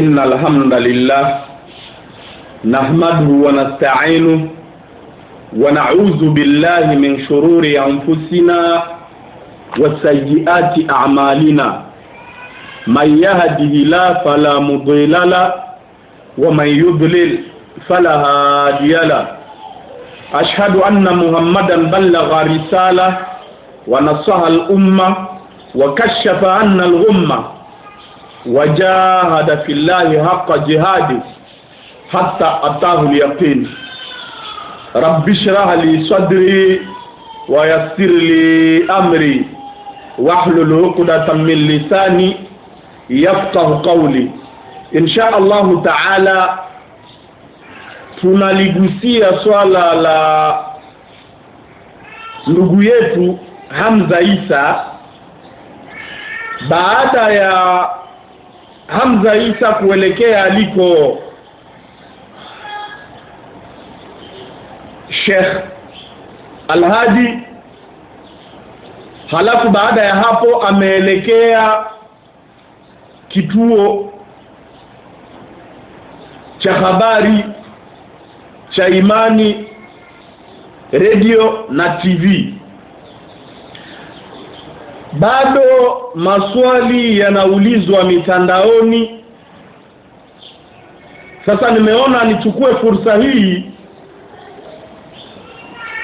إن الحمد لله نحمده ونستعينه ونعوذ بالله من شرور أنفسنا وسيئات أعمالنا من يهده لا فلا مضل له ومن يضلل فلا هادي له أشهد أن محمدا بلغ رسالة ونصح الأمة وكشف عنا الغمة wajahada fillahi haqa jihadi hatta atahu lyaqin rabbi shrah li sadri wa yassir li amri wahlul uqdatan min lisani yafqahu qawli insha allahu taala tunaligusia swala la ndugu yetu Hamza Isa baada ya Hamza Isa kuelekea aliko Sheikh alhadi halafu baada ya hapo ameelekea kituo cha habari cha Imani radio na TV bado maswali yanaulizwa mitandaoni sasa nimeona nichukue fursa hii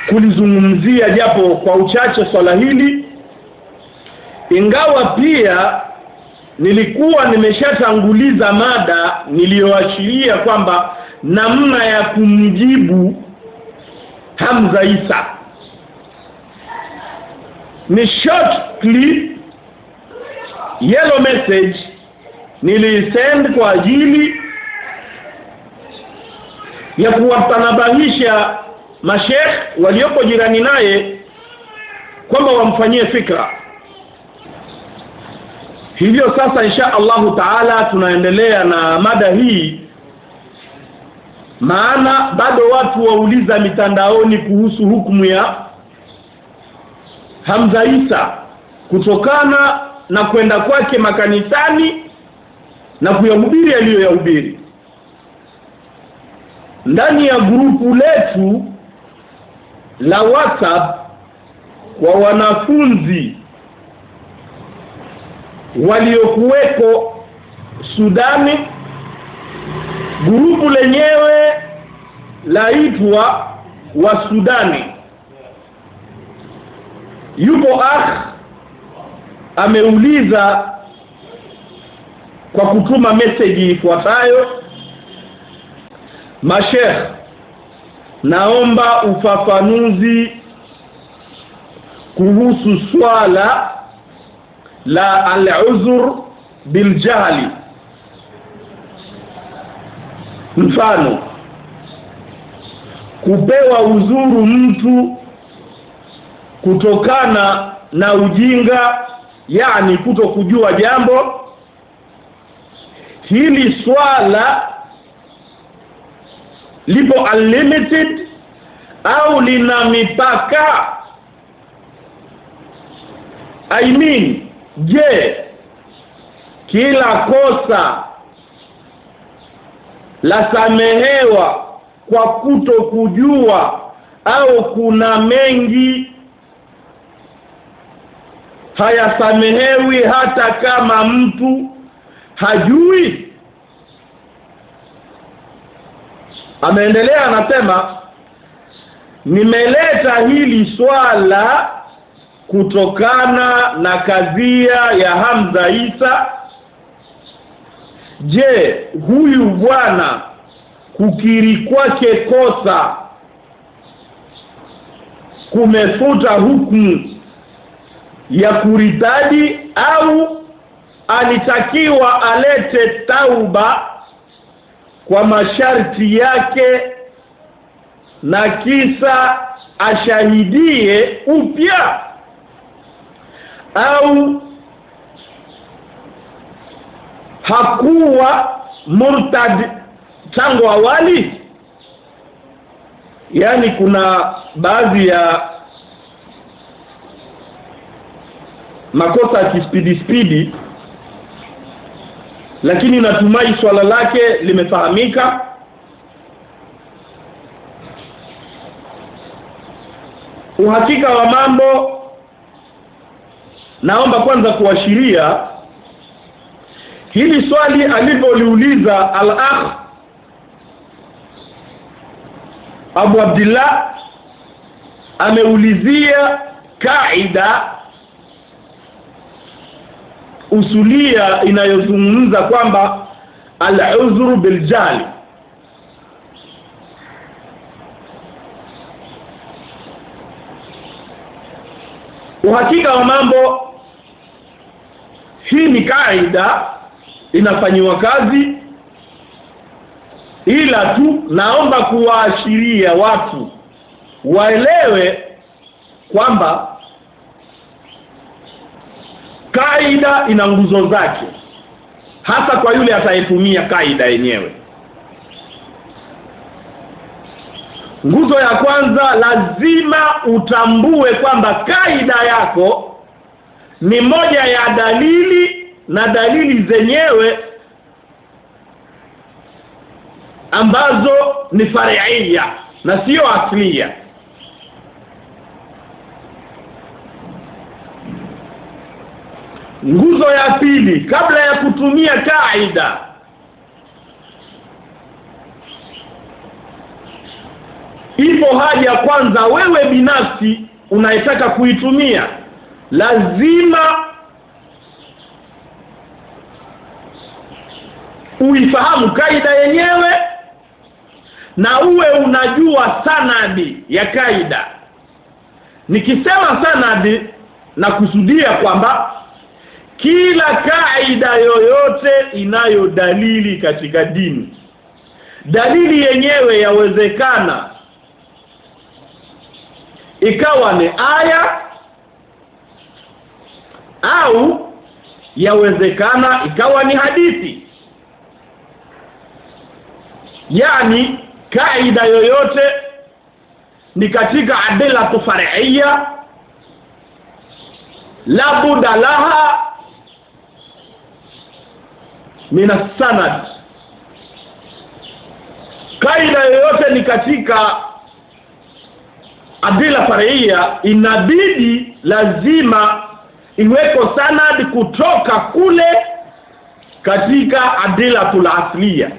kulizungumzia japo kwa uchache swala hili ingawa pia nilikuwa nimeshatanguliza mada niliyoachilia kwamba namna ya kumjibu Hamza Isa ni short clip yellow message nilisend kwa ajili ya kuwatanabahisha mashekh walioko jirani naye kwamba wamfanyie fikra hivyo sasa insha allahu taala tunaendelea na mada hii maana bado watu wauliza mitandaoni kuhusu hukumu ya Hamza Isa kutokana na kwenda kwake makanisani na kuyahubiri aliyoyahubiri ndani ya grupu letu la WhatsApp kwa wanafunzi waliokuweko Sudani grupu lenyewe laitwa wa Sudani yupo akh ameuliza kwa kutuma meseji ifuatayo mashekh naomba ufafanuzi kuhusu swala la al-uzur biljahli mfano kupewa uzuru mtu kutokana na ujinga yani kuto kujua jambo hili swala lipo unlimited au lina mipaka I mean je kila kosa lasamehewa kwa kuto kujua au kuna mengi hayasamehewi hata kama mtu hajui ameendelea anasema nimeleta hili swala kutokana na kadhia ya Hamza Isa je huyu bwana kukiri kwake kosa kumefuta hukumu ya kuritadi au alitakiwa alete tauba kwa masharti yake na kisa ashahidie upya au hakuwa murtad tangu awali yani kuna baadhi ya makosa ya kispidi spidi lakini natumai swala lake limefahamika uhakika wa mambo naomba kwanza kuashiria hili swali alivyoliuliza al-akh Abu Abdullah ameulizia kaida usulia inayozungumza kwamba al-uzru biljali uhakika wa mambo hii ni kaida inafanyiwa kazi ila tu naomba kuwaashiria watu waelewe kwamba kaida ina nguzo zake hasa kwa yule atayetumia kaida yenyewe nguzo ya kwanza lazima utambue kwamba kaida yako ni moja ya dalili na dalili zenyewe ambazo ni fariia na sio aslia nguzo ya pili kabla ya kutumia kaida ipo haja kwanza wewe binafsi unayetaka kuitumia lazima uifahamu kaida yenyewe na uwe unajua sanadi ya kaida nikisema sanadi na kusudia kwamba kila kaida yoyote inayo dalili katika dini dalili yenyewe yawezekana ikawa ni aya au yawezekana ikawa ni hadithi yani kaida yoyote ni katika adila tufarihia la budalaha mina sanad kaida yoyote ni katika adila faria inabidi lazima iweko sanad kutoka kule katika adila tulaslia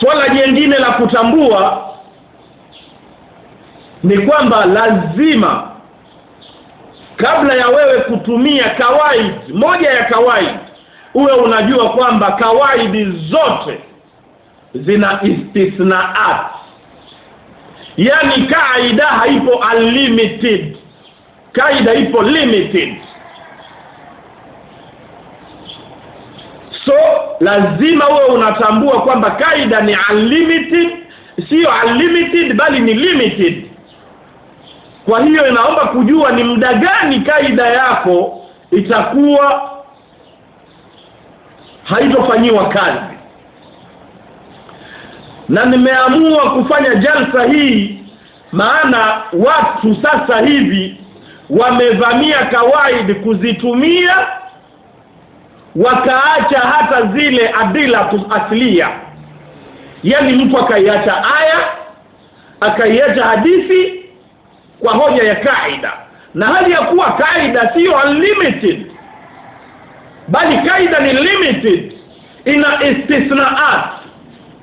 swala jingine la kutambua ni kwamba lazima kabla ya wewe kutumia kawaid moja ya kawaid uwe unajua kwamba kawaidi zote zina istithnaat yani kaida haipo unlimited kaida ipo limited so lazima uwe unatambua kwamba kaida ni unlimited sio unlimited bali ni limited kwa hiyo inaomba kujua ni muda gani kaida yako itakuwa haitofanyiwa kazi na nimeamua kufanya jalsa hii maana watu sasa hivi wamevamia kawaidi kuzitumia wakaacha hata zile adila asilia yani mtu akaiacha aya akaiacha hadithi kwa hoja ya kaida na hali ya kuwa kaida siyo unlimited bali kaida ni limited ina istithnaat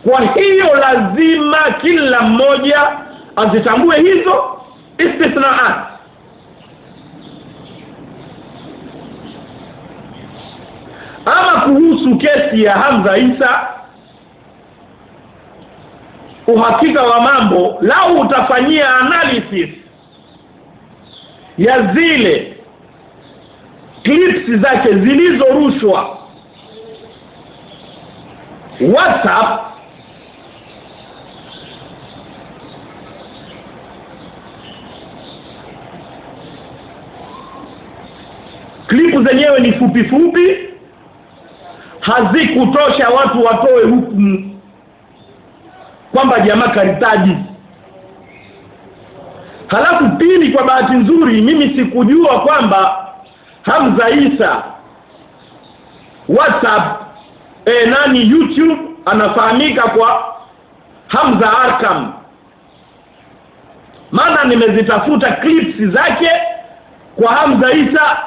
kwa hiyo lazima kila mmoja azitambue hizo istithnaat ama kuhusu kesi ya Hamza Isa uhakika wa mambo lau utafanyia analysis ya zile clips zake zilizorushwa WhatsApp klipu zenyewe ni fupi fupi hazikutosha watu watoe hukumu kwamba jamaa karitaji Halafu pili kwa bahati nzuri mimi sikujua kwamba Hamza Isa WhatsApp eh nani YouTube anafahamika kwa Hamza arkam Maana nimezitafuta clips zake kwa Hamza Isa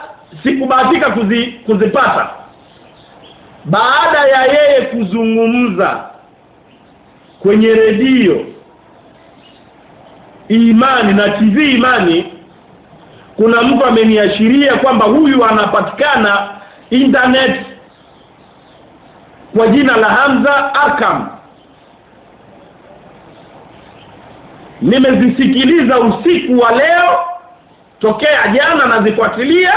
sikubahatika kuzi, kuzipata. Baada ya yeye kuzungumza kwenye redio imani na TV imani kuna mtu ameniashiria kwamba huyu anapatikana internet kwa jina la Hamza Arkam nimezisikiliza usiku wa leo tokea jana nazifuatilia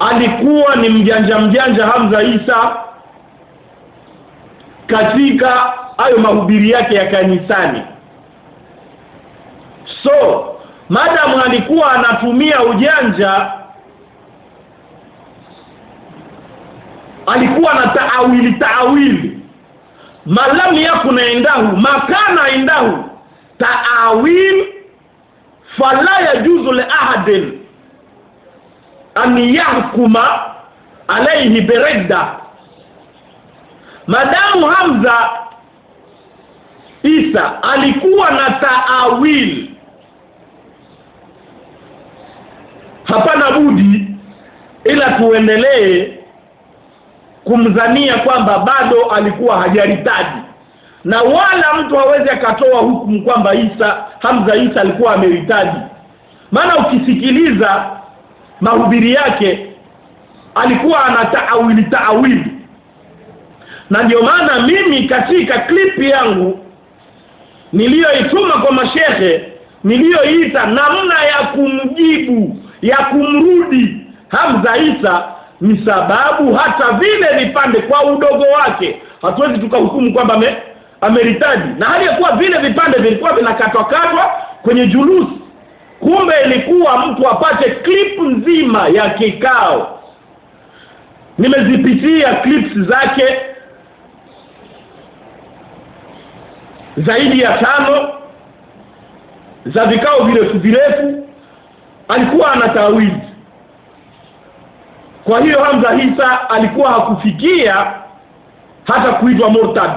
alikuwa ni mjanja mjanja Hamza Isa katika hayo mahubiri yake ya kanisani so madamu alikuwa anatumia ujanja alikuwa na taawili taawili malam yakuna endahu makana endahu taawil fala yajuzu li ahadin an yahkuma alayhi biridda madamu Hamza Isa alikuwa na taawil hapana budi ila tuendelee kumzania kwamba bado alikuwa hajaritaji na wala mtu hawezi akatoa hukumu kwamba Isa Hamza Isa alikuwa ameritaji maana ukisikiliza mahubiri yake alikuwa ana taawili taawili na ndio maana mimi katika klipi yangu niliyoituma kwa mashehe niliyoita namna ya kumjibu ya kumrudi Hamza Isa ni sababu hata vile vipande kwa udogo wake hatuwezi tukahukumu kwamba ameritaji na hali ya kuwa vile vipande vilikuwa vinakatwa katwa kwenye julusi kumbe ilikuwa mtu apate clip nzima ya kikao nimezipitia clips zake zaidi ya tano za vikao virefu virefu alikuwa ana tawili kwa hiyo Hamza Hisa alikuwa hakufikia hata kuitwa murtad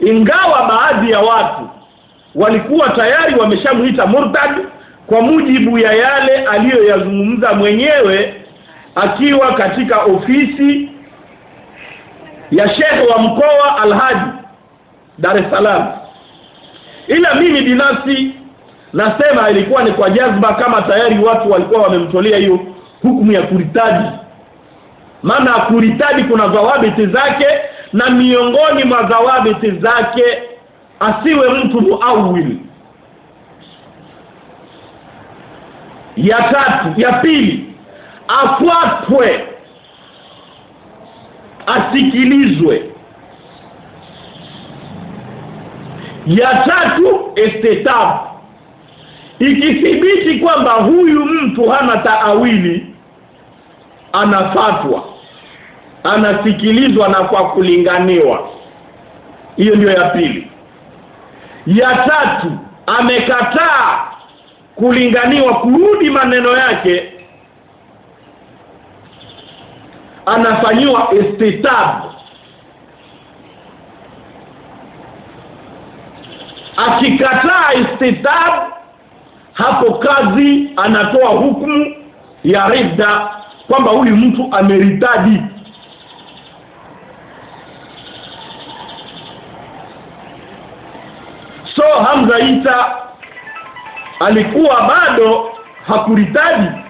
ingawa baadhi ya watu walikuwa tayari wameshamuita murtad kwa mujibu ya yale aliyoyazungumza mwenyewe akiwa katika ofisi ya shekhe wa mkoa Alhaji Dar es Salaam ila mimi binafsi nasema ilikuwa ni kwa jazba kama tayari watu walikuwa wamemtolea hiyo hukumu ya kuritaji maana kuritaji kuna zawabiti zake na miongoni mwa zawabiti zake asiwe mtu muawil ya tatu ya pili afuatwe asikilizwe ya tatu istitabu ikithibiti kwamba huyu mtu hana taawili anafatwa anasikilizwa na kwa kulinganiwa hiyo ndio ya pili ya tatu amekataa kulinganiwa kurudi maneno yake anafanyiwa istitabu akikataa istitab hapo kazi anatoa hukumu ya ridda kwamba huyu mtu ameridadi so Hamza ita alikuwa bado hakuritadi